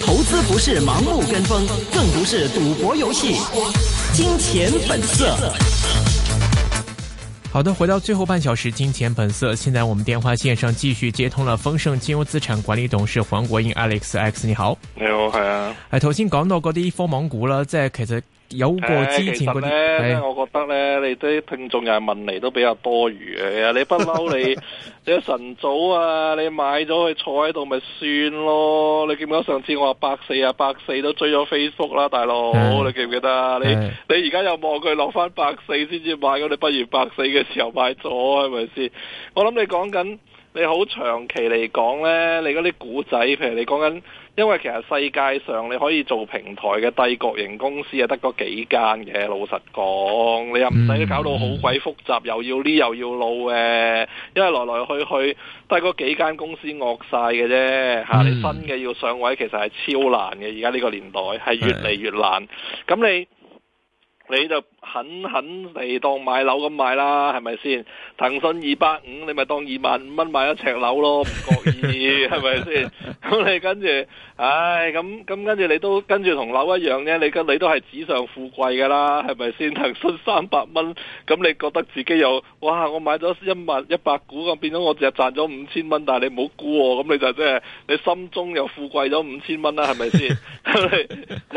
投資不是盲目跟風，更不是賭博遊戲。金錢本色。 好的，回到最後半小時，金錢本色。現在我們電話線上繼續接通了豐盛金融資產管理董事黃國英 Alex X，你好。你好，係啊、哎。係頭先講到嗰啲科網股啦，即係其實。有過之前嗰啲、欸欸、其實咧、我覺得咧，你啲聽眾又係問嚟都比較多餘嘅。你不嬲你， 你晨早啊，你買咗佢坐喺度咪算咯？你記唔記得上次我話百四啊，百四都追咗 Facebook 啦，大佬，你記唔記得啊？你你而家又望佢落翻百四先至買，你不如百四嘅時候買咗係咪先？我諗你講緊你好長期嚟講咧，你嗰啲古仔，譬如你講緊。因為其實世界上你可以做平台嘅帝國型公司啊，得嗰幾間嘅，老實講，你又唔使搞到好鬼複雜，嗯、又要呢又要路嘅，因為來來去去得嗰幾間公司惡晒嘅啫，吓、嗯啊、你新嘅要上位，其實係超難嘅，而家呢個年代係越嚟越難，咁的你。你就狠狠地當買樓咁買啦，係咪先？騰訊二百五，你咪當二萬五蚊買一尺樓咯，唔覺意，係咪先？咁 你跟住，唉、哎，咁咁跟住你都跟住同樓一樣咧，你你都係紙上富貴噶啦，係咪先？騰訊三百蚊，咁你覺得自己又哇，我買咗一萬一百股咁，變咗我只賺咗五千蚊，但係你唔好估喎，咁你就即、是、係你心中又富貴咗五千蚊啦，係咪先？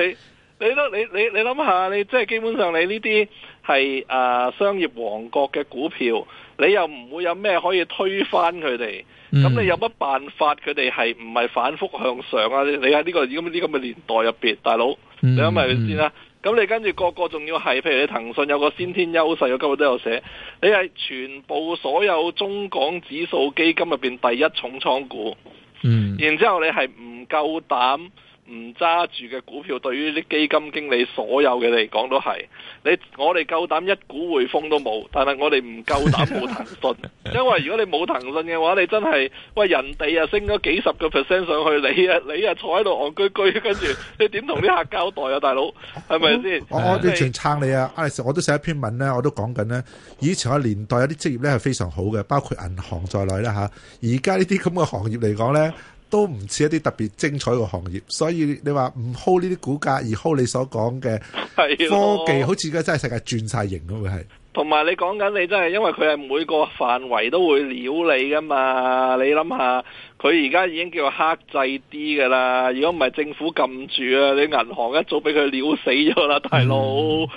你。 你都你你你諗下，你即係基本上你呢啲係誒商業王國嘅股票，你又唔會有咩可以推翻佢哋？咁、嗯、你有乜辦法佢哋係唔係反覆向上啊？你喺呢、這個咁呢咁嘅年代入邊，大佬，嗯、你諗下係咪先啦、啊？咁、嗯、你跟住個個仲要係，譬如你騰訊有個先天優勢，我今日都有寫，你係全部所有中港指數基金入邊第一重倉股，嗯嗯、然之後你係唔夠膽。唔揸住嘅股票，對於啲基金經理所有嘅嚟講都係你，我哋夠膽一股匯豐都冇，但係我哋唔夠膽冇騰訊， 因為如果你冇騰訊嘅話，你真係喂人哋啊升咗幾十個 percent 上去，你啊你啊坐喺度戇居居，跟住你點同啲客交代啊，大佬係咪先？我 我完全撐你啊！我都寫一篇文咧，我都講緊呢。以前嘅年代有啲職業咧係非常好嘅，包括銀行在內啦嚇。而家呢啲咁嘅行業嚟講咧。都唔似一啲特別精彩嘅行業，所以你話唔 hold 呢啲股價，而 hold 你所講嘅科技，的好似而家真係世界轉晒型咁啊！係。同埋你講緊你真係，因為佢係每個範圍都會撩你噶嘛，你諗下。佢而家已經叫做剋制啲噶啦，如果唔係政府禁住啊，你銀行一早俾佢撩死咗啦，大佬，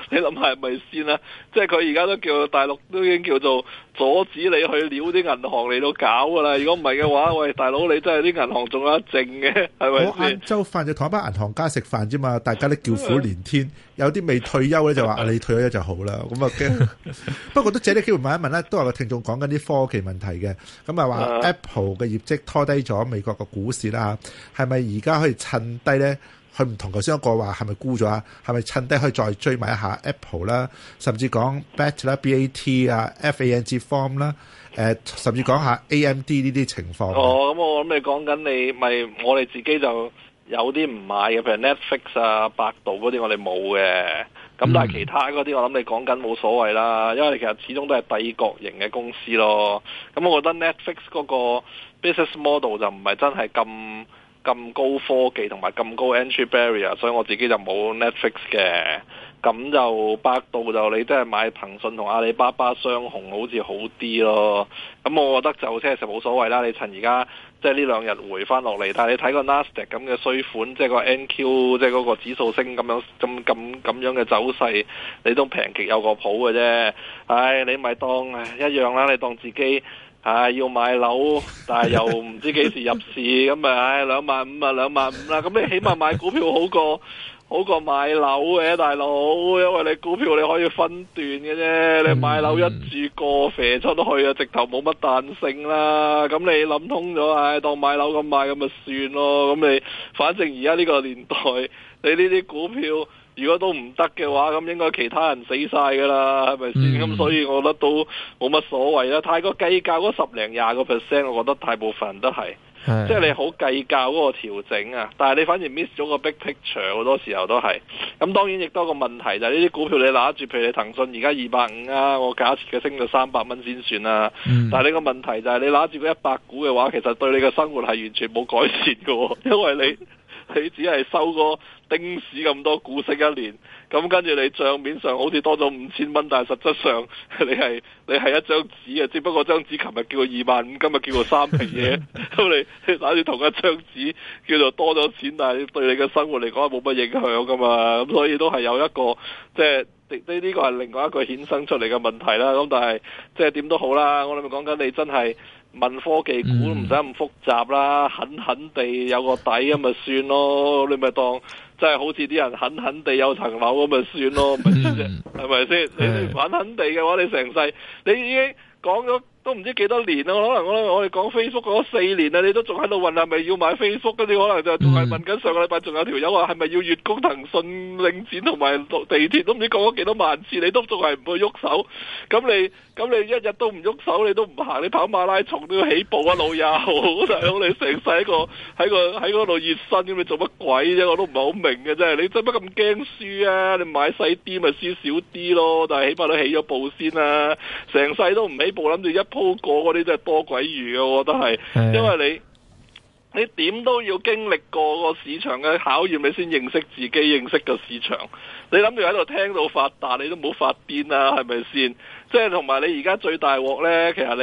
你諗下係咪先啊？即係佢而家都叫大陸都已經叫做阻止你去撩啲銀行嚟到搞噶啦，如果唔係嘅話，喂，大佬你真係啲銀行仲有得剩嘅，係咪先？我晏晝飯就同一班銀行家食飯啫嘛，大家都叫苦連天，有啲未退休咧就話你退休咗就好啦，咁啊驚。不過都借啲機會問一問啦，都係個聽眾講緊啲科技問題嘅，咁啊話 Apple 嘅業績拖低。低咗美國個股市啦，係咪而家可以趁低咧？佢唔同頭先一個話係咪沽咗啊？係咪趁低可以再追埋一下 Apple 啦、呃，甚至講 BAT 啦、BAT 啊、FANG form 啦，誒，甚至講下 AMD 呢啲情況。哦，咁我諗你講緊你咪，我哋自己就有啲唔買嘅，譬如 Netflix 啊、百度嗰啲，我哋冇嘅。咁、嗯、但係其他嗰啲，我諗你講緊冇所謂啦，因為你其實始終都係帝國型嘅公司咯。咁我覺得 Netflix 嗰個 business model 就唔係真係咁。咁高科技同埋咁高 entry barrier，所以我自己就冇 Netflix 嘅。咁就百度就你都係買騰訊同阿里巴巴雙雄，好似好啲咯。咁我覺得就即係其實冇所謂啦，你趁而家即係呢兩日回翻落嚟，但係你睇個 Nasdaq 咁嘅衰款，即係個 NQ，即係嗰個指數升咁樣咁咁咁樣嘅走勢，你都平極有個譜嘅啫。唉，你咪當一樣啦，你當自己。啊、哎，要買樓，但係又唔知幾時入市，咁啊、哎，兩萬五啊，兩萬五啦、啊。咁你起碼買股票好過，好過買樓嘅、啊、大佬，因為你股票你可以分段嘅啫，你買樓一注過肥出去啊，直頭冇乜彈性啦。咁你諗通咗啊、哎，當買樓咁買咁咪算咯。咁你反正而家呢個年代，你呢啲股票。如果都唔得嘅話，咁應該其他人死晒噶啦，係咪先？咁、嗯、所以我覺得都冇乜所謂啦。太過計較嗰十零廿個 percent，我覺得大部分人都係，是即係你好計較嗰個調整啊。但係你反而 miss 咗個 big picture，好多時候都係。咁當然亦多個問題就係呢啲股票你攞住，譬如你騰訊而家二百五啊，我假設佢升到三百蚊先算啦、啊。嗯、但係你個問題就係、是、你攞住嗰一百股嘅話，其實對你嘅生活係完全冇改善嘅，因為你。 你只係收個丁屎咁多股息一年，咁跟住你帳面上好似多咗五千蚊，但係實質上你係你係一張紙啊！只不過張紙琴日叫過二萬五，今日叫過三萬嘢，咁 你，你打住同一張紙叫做多咗錢，但係對你嘅生活嚟講係冇乜影響噶嘛。咁所以都係有一個即係呢，呢個係另外一個衍生出嚟嘅問題啦。咁但係即係點都好啦，我諗講緊你真係。問科技股唔使咁複雜啦，狠狠地有個底咁咪、嗯、算咯，你咪當真係好似啲人狠狠地有層樓咁咪算咯，咪先，係咪先？是是 你哋狠狠地嘅話，你成世你已經講咗。都唔知幾多年啦，可能我我哋講 Facebook 講咗四年啦，你都仲喺度問係咪要買 Facebook，跟住可能就仲係問緊上個禮拜仲有條友話係咪要月供騰訊領展同埋地鐵，都唔知講咗幾多萬次，你都仲係唔去喐手。咁你咁你一日都唔喐手，你都唔行，你跑馬拉松都要起步啊，老友！就係你成世喺個喺個喺嗰度熱身，咁你做乜鬼啫、啊？我都唔係好明嘅真係。你做乜咁驚輸啊？你買細啲咪輸少啲咯，但係起碼都起咗步先啦、啊。成世都唔起步，諗住一鋪過嗰啲真係多鬼魚啊。我覺得係， 因為你你點都要經歷過個市場嘅考驗，你先認識自己，認識個市場。你諗住喺度聽到發達，你都唔好發癲啦，係咪先？即係同埋你而家最大鑊呢？其實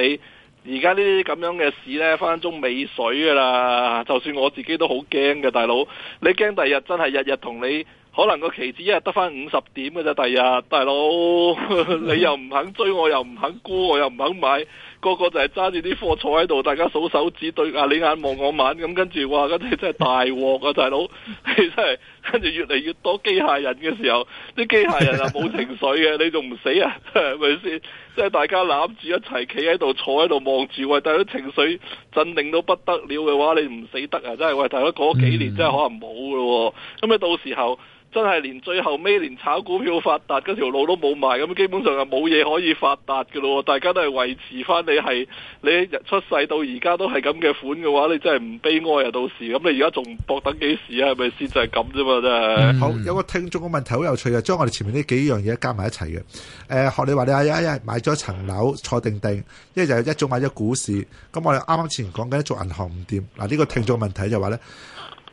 你而家呢啲咁樣嘅事呢，咧，分分鐘尾水噶啦。就算我自己都好驚嘅，大佬，你驚第日,日真係日日同你。可能個期指一日得返五十點嘅咋。第日大佬你又唔肯追我，我又唔肯沽我，我又唔肯買，個個就係揸住啲貨坐喺度，大家數手指對眼，你眼望我眼咁，跟住話嗰啲真係大鑊啊，大佬！真係跟住越嚟越多機械人嘅時候，啲機械人啊冇情緒嘅，你仲唔死啊？係咪先？即係大家攬住一齊企喺度坐喺度望住，喂，但係情緒鎮定到不得了嘅話，你唔死得啊！真係喂，大佬嗰幾年真係可能冇咯，咁、啊、你、嗯嗯、到時候。真係連最後尾連炒股票發達，嗰條路都冇埋，咁基本上係冇嘢可以發達嘅咯。大家都係維持翻你係你出世到而家都係咁嘅款嘅話，你真係唔悲哀啊！到時咁你而家仲搏等幾時啊？係咪先就係咁啫嘛？真係。嗯、好，有個聽眾嘅問題好有趣呀，將我哋前面呢幾樣嘢加埋一齊嘅。誒、呃、學你話你啊呀呀買咗層樓坐定定，一就係一早買咗股市。咁我哋啱啱之前講緊做銀行唔掂嗱，呢、這個聽眾問題就話咧。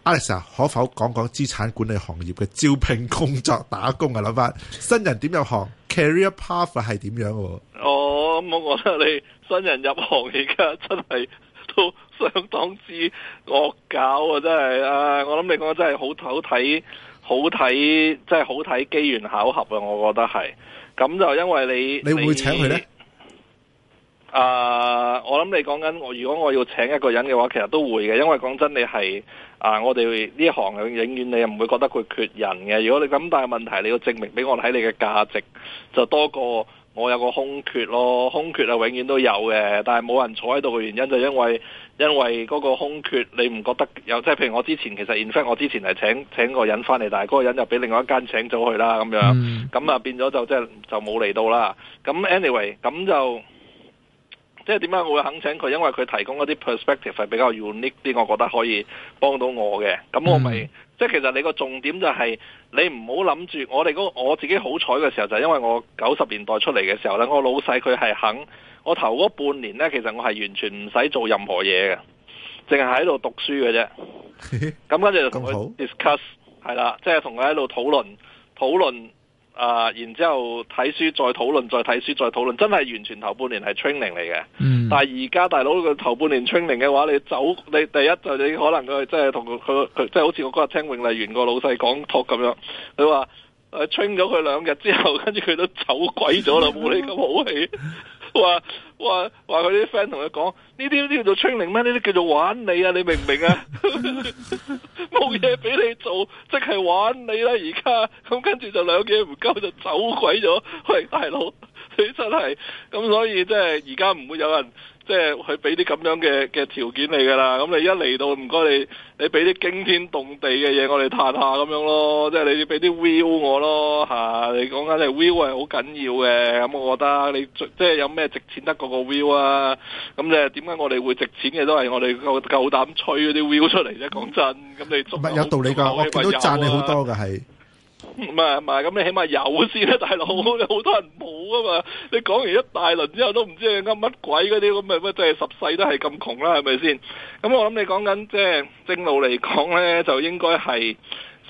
Alex 啊可否講講資產管理行業嘅招聘工作、打工嘅諗法？新人點入行？Career path 係點樣？哦，咁、嗯、我覺得你新人入行而家真係都相當之惡搞啊！真係，啊，我諗你講真係好好睇，好睇，真係好睇機緣巧合啊！我覺得係，咁就因為你你會請佢咧？啊，uh, 我諗你講緊我，如果我要請一個人嘅話，其實都會嘅，因為講真，你係啊，我哋呢一行永遠你又唔會覺得佢缺人嘅？如果你咁，但係問題你要證明俾我睇你嘅價值，就多過我有個空缺咯，空缺啊，永遠都有嘅，但係冇人坐喺度嘅原因就因為因為嗰個空缺你唔覺得有？即係譬如我之前其實 in fact，我之前係請請個人翻嚟，但係嗰個人又俾另外一間請咗去啦，咁樣咁啊，變咗就即係就冇嚟到啦。咁 anyway，咁就。就就即係點解我會肯請佢？因為佢提供一啲 perspective 係比較 unique 啲，我覺得可以幫到我嘅。咁我咪、嗯、即係其實你個重點就係、是、你唔好諗住我哋嗰我自己好彩嘅時候就係、是、因為我九十年代出嚟嘅時候咧，我老細佢係肯我頭嗰半年咧，其實我係完全唔使做任何嘢嘅，淨係喺度讀書嘅啫。咁 跟住就同佢 discuss 係啦，即係同佢喺度討論討論。討論啊！然之後睇書再討論，再睇書再討論，真係完全頭半年係 training 嚟嘅。嗯、但係而家大佬個頭半年 training 嘅話，你走你第一就你可能佢即係同佢佢即係好似我嗰日聽永麗園個老細講托咁樣，佢話：誒 train 咗佢兩日之後，跟住佢都走鬼咗啦，冇 你咁好氣，話。 話話佢啲 friend 同佢講，呢啲都叫做 training 咩？呢啲叫做玩你啊！你明唔明啊？冇嘢俾你做，即係玩你啦！而家咁跟住就兩件唔夠，就走鬼咗。喂，大佬，你真係咁，所以即係而家唔會有人。即係佢俾啲咁樣嘅嘅條件你㗎啦，咁你一嚟到唔該你，你俾啲驚天動地嘅嘢我哋彈下咁樣咯，即係你俾啲 view 我咯嚇、啊，你講緊你 view 係好緊要嘅，咁我覺得你即係有咩值錢得過個 view 啊？咁你點解我哋會值錢嘅都係我哋夠夠膽吹嗰啲 view 出嚟咧？講真，咁你唔係有道理㗎，我亦都賺你好多㗎係。唔係唔係，咁你起碼有先啦，大佬，你好多人冇啊嘛。你講完一大輪之後，都唔知佢啱乜鬼嗰啲，咁咪乜真係十世都係咁窮啦，係咪先？咁我諗你講緊即係正路嚟講咧，就應該係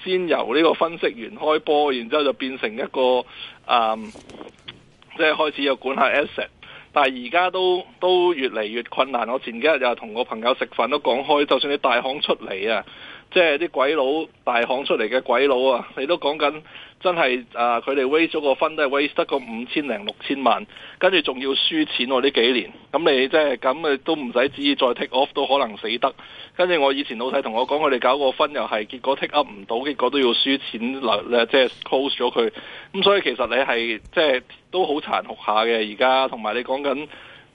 先由呢個分析員開波，然之後就變成一個嗯，即係開始又管下 asset。但係而家都都越嚟越困難。我前幾日又同個朋友食飯都講開，就算你大行出嚟啊。即係啲鬼佬大行出嚟嘅鬼佬啊！你都講緊真係啊！佢哋 raise 咗個 fund 都係 raise 得個五千零六千萬，跟住仲要輸錢喎、啊、呢幾年。咁、嗯、你即係咁咪都唔使旨意再 take off 都可能死得。跟住我以前老細同我講，佢哋搞個 fund 又係結果 take up 唔到，結果都要輸錢落即係 close 咗佢。咁、嗯、所以其實你係即係都好殘酷下嘅。而家同埋你講緊。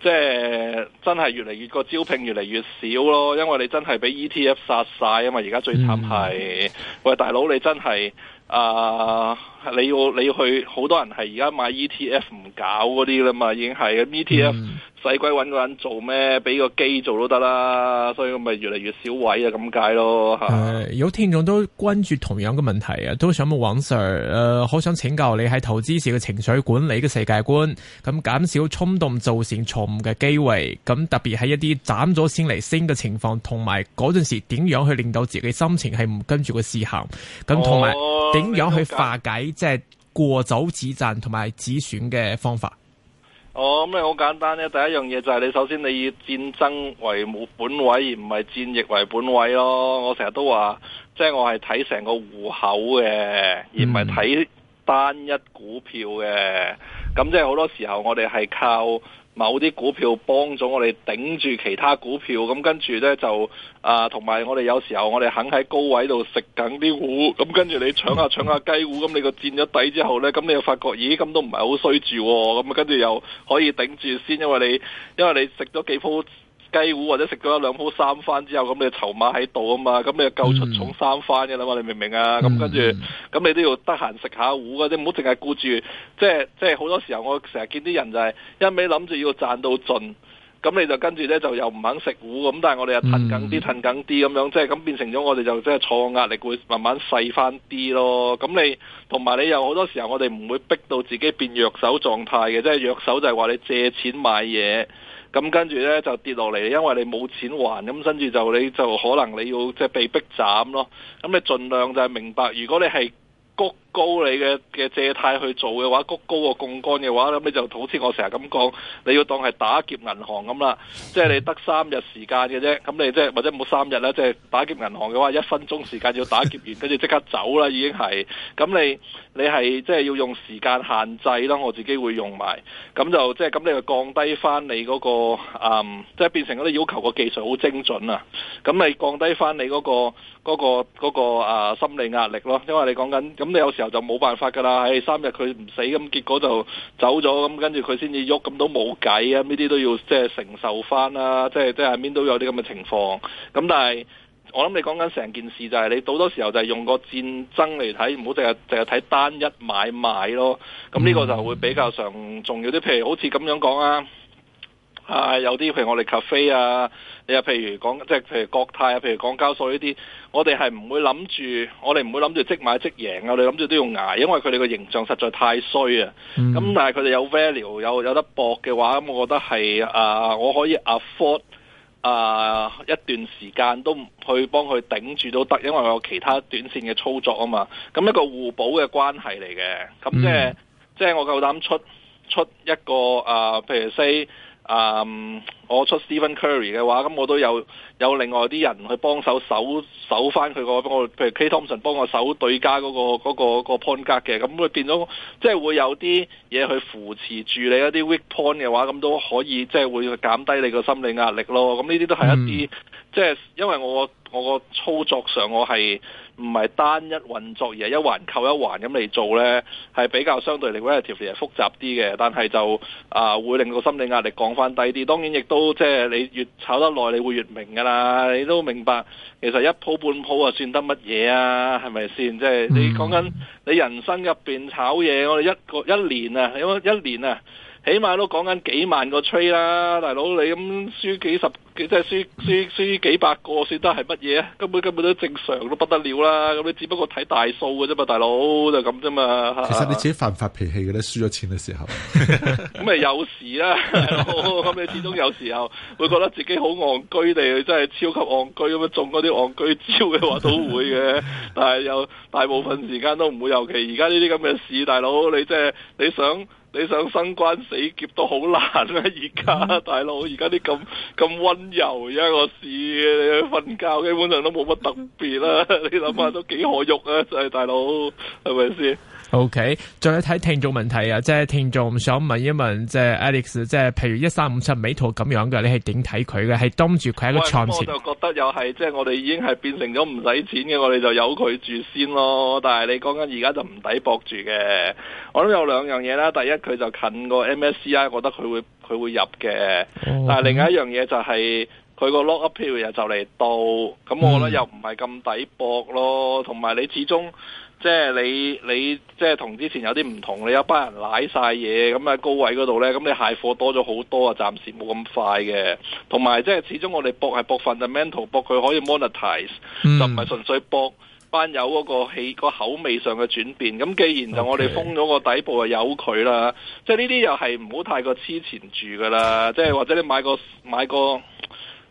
即係真係越嚟越個招聘越嚟越少咯，因為你真係俾 ETF 殺晒，啊嘛！而家最慘係喂，大佬，你真係啊～、呃你要你要去好多人係而家買 ETF 唔搞嗰啲啦嘛，已經係咁 ETF 細鬼揾個人做咩？俾個機做都得啦、啊，所以咪越嚟越少位啊咁解咯。係、啊嗯、有聽眾都關注同樣嘅問題啊，都想問黃 Sir 誒、呃，好想請教你喺投資時嘅情緒管理嘅世界觀，咁減少衝動造成錯誤嘅機會，咁特別喺一啲斬咗先嚟升嘅情況，同埋嗰陣時點樣去令到自己心情係唔跟住個市行，咁同埋點樣去化解？即係過早止賺同埋止損嘅方法。哦咁你好簡單咧，第一樣嘢就係你首先你以戰爭為本位，而唔係戰役為本位咯。我成日都話，即係我係睇成個戶口嘅，而唔係睇單一股票嘅。嗯咁即係好多時候，我哋係靠某啲股票幫咗我哋頂住其他股票，咁跟住呢，就啊，同、呃、埋我哋有時候我哋肯喺高位度食緊啲糊，咁跟住你搶下搶下雞糊，咁你個佔咗底之後呢，咁你又發覺，咦咁都唔係好衰住喎，咁跟住又可以頂住先，因為你因為你食咗幾鋪。雞糊或者食咗一兩鋪三番之後，咁你籌碼喺度啊嘛，咁你就夠出重三番嘅啦嘛，你明唔明啊？咁、嗯、跟住，咁你都要得閒食下糊嘅，你唔好淨係顧住，即係即係好多時候我成日見啲人就係、是、一味諗住要賺到盡，咁你就跟住咧就又唔肯食糊。咁，但係我哋又吞緊啲吞緊啲咁樣，即係咁變成咗我哋就即係坐壓力會慢慢細翻啲咯。咁你同埋你又好多時候我哋唔會逼到自己變弱手狀態嘅，即係弱手就係話你借錢買嘢。咁跟住咧就跌落嚟，因為你冇錢還。咁跟住就你就可能你要即係被逼斬咯。咁你盡量就係明白，如果你係谷。高你嘅嘅借貸去做嘅話，高高個槓桿嘅話咧，你就好似我成日咁講，你要當係打劫銀行咁啦，即係你得三日時間嘅啫，咁你即係或者冇三日咧，即係打劫銀行嘅話，一分鐘時間要打劫完，跟住即刻走啦，已經係，咁你你係即係要用時間限制啦，我自己會用埋，咁就即係咁，你就降低翻你嗰個，嗯，即係變成嗰啲要求個技術好精準啊，咁你降低翻你嗰個嗰個嗰個啊心理壓力咯，因為你講緊，咁你有時。就冇辦法㗎啦！唉、哎，三日佢唔死咁，結果就走咗咁、嗯，跟住佢先至喐，咁都冇計啊！呢啲都要即係承受翻啦，即係即係下面都有啲咁嘅情況。咁、嗯、但係我諗你講緊成件事就係、是、你好多時候就係用個戰爭嚟睇，唔好淨係淨係睇單一買賣咯。咁、嗯、呢、嗯、個就會比較上重要啲。譬如好似咁樣講啊，啊有啲譬如我哋 cafe 啊。你啊，譬如講，即係譬如國泰啊，譬如港交所呢啲，我哋係唔會諗住，我哋唔會諗住即買即贏啊！我哋諗住都要捱，因為佢哋個形象實在太衰啊！咁、嗯、但係佢哋有 value，有有得搏嘅話，咁我覺得係啊、呃，我可以 afford 啊、呃、一段時間都唔去幫佢頂住都得，因為我有其他短線嘅操作啊嘛，咁一個互補嘅關係嚟嘅。咁即係即係我夠膽出出一個啊、呃，譬如 say。啊！Um, 我出 Stephen Curry 嘅話，咁我都有有另外啲人去幫手守守翻佢個，譬如 Klay Thompson 幫我守對家嗰個嗰個個 point guard 嘅，咁佢變咗即係會有啲嘢去扶持住你一啲 weak point 嘅話，咁都可以即係會減低你個心理壓力咯。咁呢啲都係一啲即係因為我我個操作上我係。唔係單一運作，而係一環扣一環咁嚟做呢，係比較相對嚟講係條條係複雜啲嘅，但係就啊、呃、會令個心理壓力降翻低啲。當然亦都即係你越炒得耐，你會越明㗎啦。你都明白其實一鋪半鋪啊，算得乜嘢啊？係咪先？即係你講緊你人生入邊炒嘢，我哋一個一年啊，因為一年啊。起碼都講緊幾萬個 trade 啦，大佬你咁輸幾十幾，即係輸輸輸幾百個，算得係乜嘢啊？根本根本都正常都不得了啦！咁你只不過睇大數嘅啫嘛，大佬就咁啫嘛。其實你自己發唔發脾氣嘅咧，輸咗錢嘅時候咁咪 有時啦，咁你始終有時候會覺得自己好戇居地，真係超級戇居咁樣中嗰啲戇居招嘅話都會嘅，但係有大部分時間都唔會，尤其而家呢啲咁嘅事，大佬你即係你想。你想生關死劫都好難啊！而家、啊、大佬，而家啲咁咁溫柔，而家個市你去瞓覺基本上都冇乜特別啦、啊。你諗下都幾可喐啊！真係大佬，係咪先？O、okay. K，再睇聽眾問題啊，即係聽眾想問一問，即係 Alex，即係譬如一三五七美圖咁樣嘅，你係點睇佢嘅？係當住佢喺個場先。我就覺得又係，即、就、係、是、我哋已經係變成咗唔使錢嘅，我哋就由佢住先咯。但係你講緊而家就唔抵博住嘅。我諗有兩樣嘢啦，第一佢就近個 MSCI，我覺得佢會佢會入嘅。但係另外一樣嘢就係、是、佢個 lock up period 又就嚟到，咁我覺得、嗯、又唔係咁抵博咯。同埋你始終。即係你你即係同之前有啲唔同，你有一班人瀨晒嘢咁啊，高位嗰度呢，咁你蟹貨多咗好多啊，暫時冇咁快嘅。同埋即係始終我哋搏係搏 fundamental 搏佢可以 monetize，、嗯、就唔係純粹搏班友嗰個氣個口味上嘅轉變。咁既然就我哋封咗個底部啊，有佢啦。即係呢啲又係唔好太過黐纏住噶啦。即係或者你買個買個。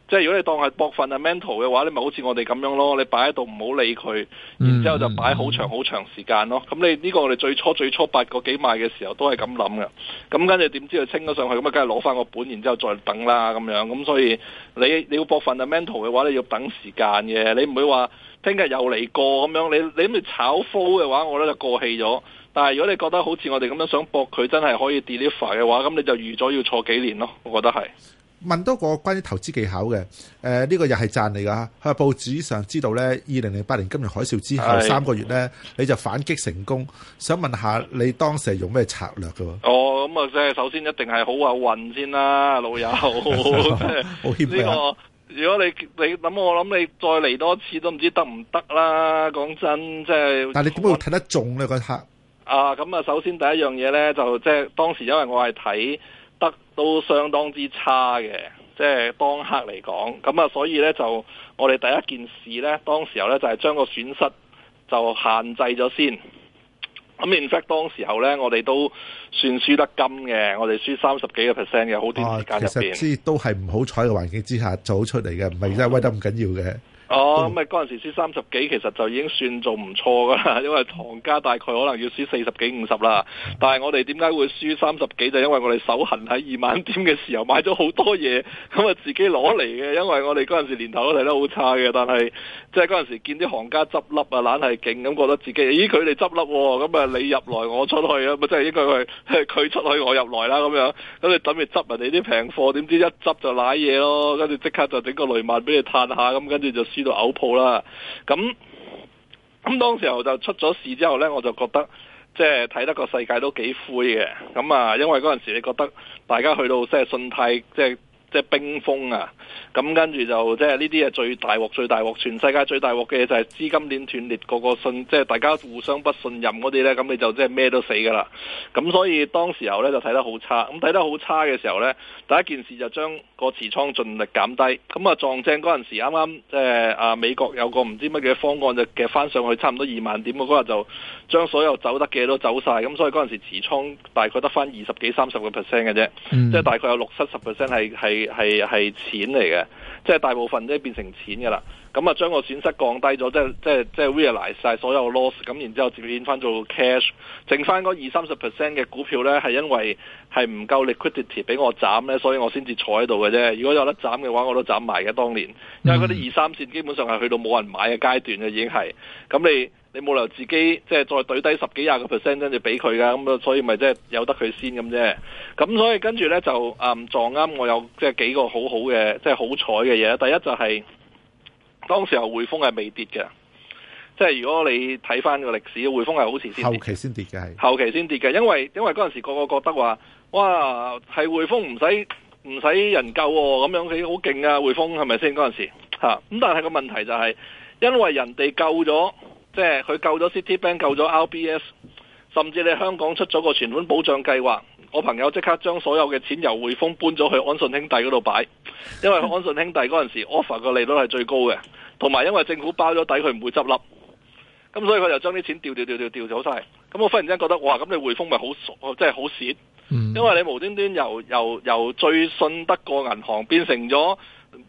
即係如果你當係博 fundamental 嘅話，你咪好似我哋咁樣咯，你擺喺度唔好理佢，然之後就擺好長好長時間咯。咁 你呢、呢個我哋最初最初八個幾買嘅時候都係咁諗嘅。咁跟住點知佢清咗上去，咁啊梗係攞翻個本，然之後再等啦咁樣。咁、嗯、所以你你要博 fundamental 嘅話，你要等時間嘅。你唔會話聽日又嚟過咁樣。你你諗住炒 flow 嘅話，我覺得就過氣咗。但係如果你覺得好似我哋咁樣想博佢真係可以 deliver 嘅話，咁你就預咗要坐幾年咯。我覺得係。問多個關於投資技巧嘅，誒、呃、呢、這個又係讚你噶。佢佢報紙上知道咧，二零零八年金融海嘯之後的三個月咧，你就反擊成功。想問下你當時係用咩策略噶？哦，咁、嗯、啊，即係首先一定係好啊運先啦，老友，好謙呢個如果你你諗我諗你再嚟多次都唔知得唔得啦。講真，即、就、係、是、但係你點解會睇得中咧？個客啊，咁、嗯、啊，首先第一樣嘢咧，就即係、就是、當時因為我係睇。都相當之差嘅，即係當刻嚟講，咁啊，所以呢，就我哋第一件事呢，當時候呢，就係將個損失就限制咗先。咁 in fact 當時候呢，我哋都算輸得金嘅，我哋輸三十幾個 percent 嘅，好短時間入邊，啊。其實都係唔好彩嘅環境之下走出嚟嘅，唔係真係威得咁緊要嘅。嗯哦，咁啊嗰陣時輸三十幾其實就已經算做唔錯噶啦，因為行家大概可能要輸四十幾五十啦。但係我哋點解會輸三十幾？就因為我哋手痕喺二萬點嘅時候買咗好多嘢，咁啊自己攞嚟嘅。因為我哋嗰陣時年頭都睇得好差嘅，但係即係嗰陣時見啲行家執笠啊，懶係勁咁，覺得自己咦佢哋執笠，咁啊你入來我出去啊，咪即係應該係佢出去我入來啦咁樣。咁你準備執人哋啲平貨，點知一執就瀨嘢咯。跟住即刻就整個雷曼俾你嘆下，咁跟住就。知道牛埔啦，咁咁當時候就出咗事之後呢，我就覺得即係睇得個世界都幾灰嘅。咁啊，因為嗰陣時你覺得大家去到即係、就是、信貸即係即係冰封啊，咁跟住就即係呢啲係最大鑊最大鑊，全世界最大鑊嘅就係資金鏈斷裂，個個信即係、就是、大家互相不信任嗰啲呢，咁你就即係咩都死㗎喇。咁所以當時候呢，就睇得好差，咁睇得好差嘅時候呢，第一件事就將。個持倉盡力減低，咁、嗯、啊撞正嗰陣時剛剛，啱啱即係啊美國有個唔知乜嘢方案，就嘅翻上去差唔多二萬點嗰日就將所有走得嘅都走晒，咁所以嗰陣時持倉大概得翻二十幾三十個 percent 嘅啫，即係大概有六七十 percent 係係係係錢嚟嘅，即係大部分都變成錢噶啦。咁啊，就將個損失降低咗，即係即係即係 realize 晒所有 loss，咁然之後轉變翻做 cash，剩翻嗰二三十 percent 嘅股票咧，係因為係唔夠 liquidity 俾我斬咧，所以我先至坐喺度嘅啫。如果有得斬嘅話，我都斬埋嘅。當年因為嗰啲二三線基本上係去到冇人買嘅階段嘅，已經係咁。你你冇理由自己即係再對低十幾廿個 percent 跟住俾佢㗎，咁啊，所以咪即係由得佢先咁啫。咁所以跟住咧就啊撞啱，嗯、我有即係幾個好好嘅，即係好彩嘅嘢。第一就係、是。當時候匯豐係未跌嘅，即係如果你睇翻個歷史，匯豐係好遲先後期先跌嘅係，後期先跌嘅，因為因為嗰陣時個個覺得話，哇係匯豐唔使唔使人救、啊，咁樣佢好勁啊，匯豐係咪先嗰陣時吓？咁、啊、但係個問題就係、是，因為人哋救咗，即係佢救咗 Citibank 救咗 RBS，甚至你香港出咗個存款保障計劃，我朋友即刻將所有嘅錢由匯豐搬咗去安信兄弟嗰度擺。 因為安信兄弟嗰陣時 offer 個利率係最高嘅，同埋因為政府包咗底，佢唔會執笠，咁所以佢就將啲錢掉、掉、掉、掉、掉、走晒。咁我忽然之間覺得，哇！咁你匯豐咪好熟，即係好蝕，因為你無端端由由由最信得過銀行變成咗。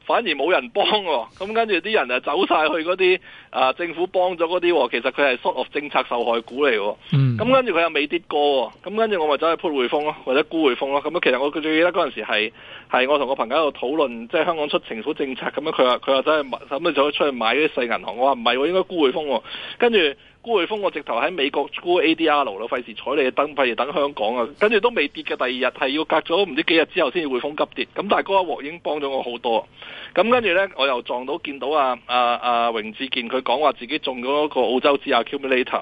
反而冇人幫喎，咁跟住啲人啊走晒去嗰啲啊政府幫咗嗰啲，其實佢係失落政策受害股嚟喎。咁跟住佢又未跌過喎，咁跟住我咪走去鋪匯豐咯，或者沽匯豐咯。咁其實我最記得嗰陣時係我同個朋友喺度討論，即係香港出政府政策咁樣，佢話佢話走去買咁啊，走出去買啲細銀行。我話唔係喎，應該沽匯豐。跟住沽匯豐，我直頭喺美國沽 ADR 咯，費事彩你嘅燈，費事等香港啊。跟住都未跌嘅第二日，係要隔咗唔知幾日之後先至匯豐急跌。咁但係嗰一鑊已經幫咗我好多。咁跟住呢，我又撞到見到啊啊啊榮智健，佢講話自己中咗個澳洲紙啊 accumulator c、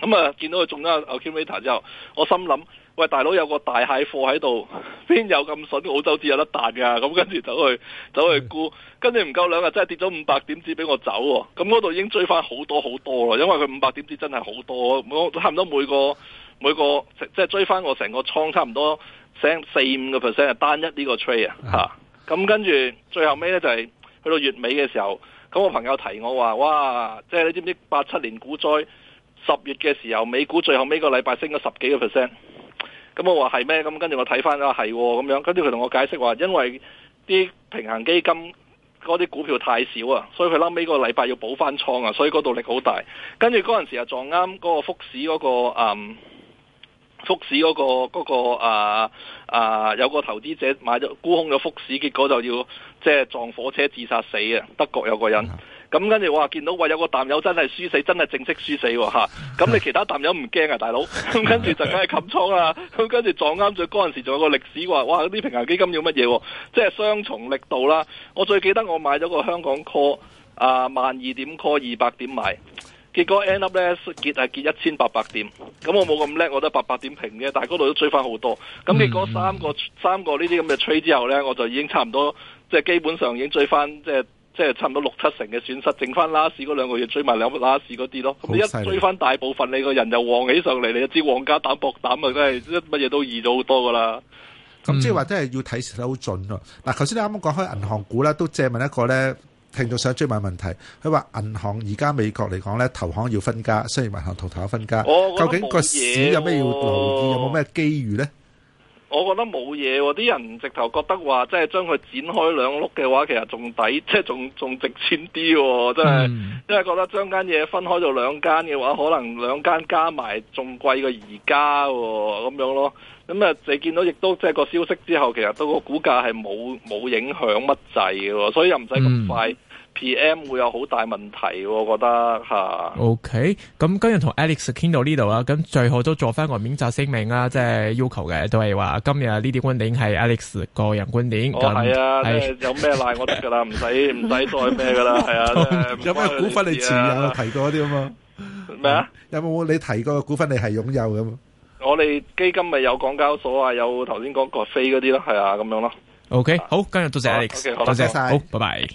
嗯。咁啊，見到佢中咗 a accumulator c 之後，我心諗：喂，大佬有個大蟹貨喺度，邊有咁筍澳洲紙有得彈噶？咁、嗯、跟住走去走去沽，跟住唔夠兩日真係跌咗五百點紙畀我走喎。咁嗰度已經追翻好多好多啦，因為佢五百點紙真係好多，我差唔多每個每個即係追翻我成個倉，差唔多成四五個 percent 係單一呢個 trade、er, 啊嚇。咁跟住最後尾咧就係去到月尾嘅時候，咁我朋友提我話：，哇！即係你知唔知八七年股災十月嘅時候，美股最後尾個禮拜升咗十幾個 percent。咁我話係咩？咁跟住我睇翻，我話係咁樣。跟住佢同我解釋話，因為啲平衡基金嗰啲股票太少啊，所以佢臨尾個禮拜要補翻倉啊，所以嗰度力好大。跟住嗰陣時又撞啱嗰個復市嗰個嗯。福士嗰個嗰個啊啊有個投資者買咗沽空咗福士，結果就要即係撞火車自殺死啊！德國有個人，咁跟住我話見到話有個淡友真係輸死，真係正式輸死喎咁、啊、你其他淡友唔驚 啊，大佬？咁跟住就梗係冚倉啦，咁跟住撞啱咗嗰陣時，仲有個歷史話，哇！啲平衡基金要乜嘢？即係雙重力度啦！我最記得我買咗個香港 call 啊萬二點 call 二百點買。結果 end up 咧結係結一千八百點，咁我冇咁叻，我都八百點平嘅，但係嗰度都追翻好多。咁結果三個、嗯、三個呢啲咁嘅 trade 之後咧，我就已經差唔多即係基本上已經追翻，即係即係差唔多六七成嘅損失，剩翻 last 嗰兩個月追埋兩 last 嗰啲咯。咁你一追翻大部分，你個人又旺起上嚟，你就知旺家膽薄膽啊，真係乜嘢都易咗好多噶啦。咁即係話真係要睇得好準咯。嗱，頭先你啱啱講開銀行股咧，都借問一個咧。聽到想追問問題，佢話銀行而家美國嚟講咧，投行要分家，雖然銀行同投行要分家，我究竟個市有咩要留意，有冇咩機遇咧？我覺得冇嘢喎，啲人直頭覺得話，即係將佢剪開兩碌嘅話，其實仲抵，即係仲仲值錢啲喎、哦，真係，嗯、因為覺得將間嘢分開咗兩間嘅話，可能兩間加埋仲貴過而家喎，咁樣咯。咁、嗯、啊，你見到亦都即係個消息之後，其實對個股價係冇冇影響乜滯嘅喎，所以又唔使咁快。嗯 P.M. 會有好大問題，我覺得吓。O.K. 咁今日同 Alex 傾到呢度啦，咁最後都做翻個免責聲明啦，即係要求嘅都係話今日呢啲觀點係 Alex 個人觀點。我係啊，即係有咩賴我得噶啦，唔使唔使再咩噶啦，係啊，即係有咩股份你持有提過啲啊嘛？咩啊？有冇你提過股份你係擁有噶嘛？我哋基金咪有港交所啊，有頭先講個飛嗰啲咯，係啊，咁樣咯。O.K. 好，今日多謝 Alex，多謝晒，好，拜拜。